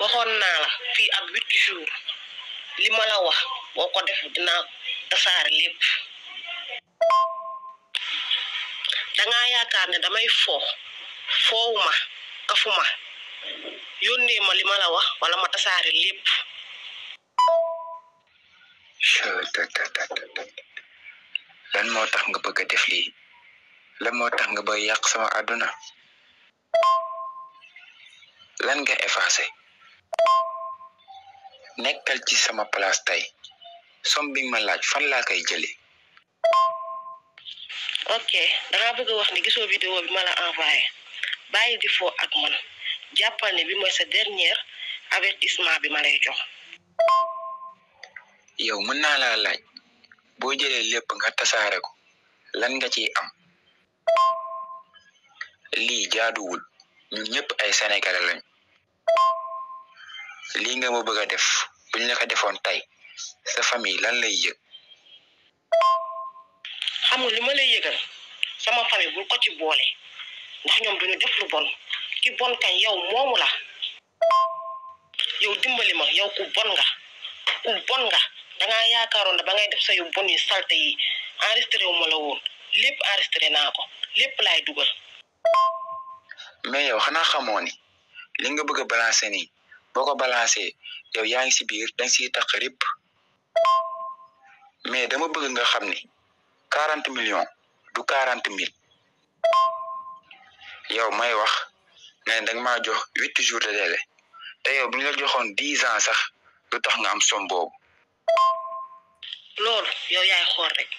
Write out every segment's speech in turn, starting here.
waxon na la fi ak 8 jours lima la wax boko def dina tassar lepp da nga yaakar ne damay fo fowuma kafuma yonne ma lima la wax wala ma tassar lepp lan moo tax nga bëgg def li lan moo tax nga bay yaq sama aduna lan nga effacer nekkal ci sama place tey som bi ma laaj fan laa koy jëlee. ok dangaa bëgg a wax ni gisoo vidéo bi ma la envoyé bàyyi di foo ak man jàppal ne bi mooy sa dernière avertissement bi ma lay jox. yow mën naa laa laaj boo jëlee lépp nga tasaare ko lan nga ci am. lii jaaduwul ñun ñëpp ay sénégalais lañ. lii nga ma bëgg a def buñ la ko defoon tey sa famille lan lay yëg. xam nga li ma lay yëgal sama famille bul ko boole ndax ñoom duñu def lu bon ki bon kañ yow moomu la yow dimbali ma yow ku bon nga ku bon nga dangaa yaakaaroon ne ba ngay def sa yu salte yi enregistré wu ma la woon lépp enregistré naa ko lépp laay dugal. mais yow xanaa xamoo ni li nga bëgg a balancer nii boo ko balancé yow yaa ngi si biir da nga siy taq mais dama bëgg nga xam ni quarante millions du quarante mille yow may wax mais ne da nga maa jox huit jours de délai te yow bu ñu la joxoon dix ans sax du tax nga am som boobu. loolu yow yaay xool rek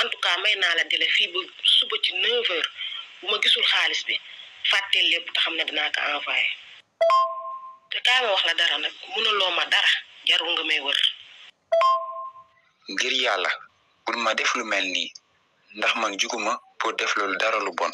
en tout cas may naa la délai fii ba suba ci neuf heures bu ma gisul xaalis bi fàtteel lépp te xam na dinaa ko envoyé. kaay ma wax la dara nag mënuloo ma dara jarul nga may wër. ngir yàlla bul ma def lu mel ni ndax man juguma pour def dara lu bon.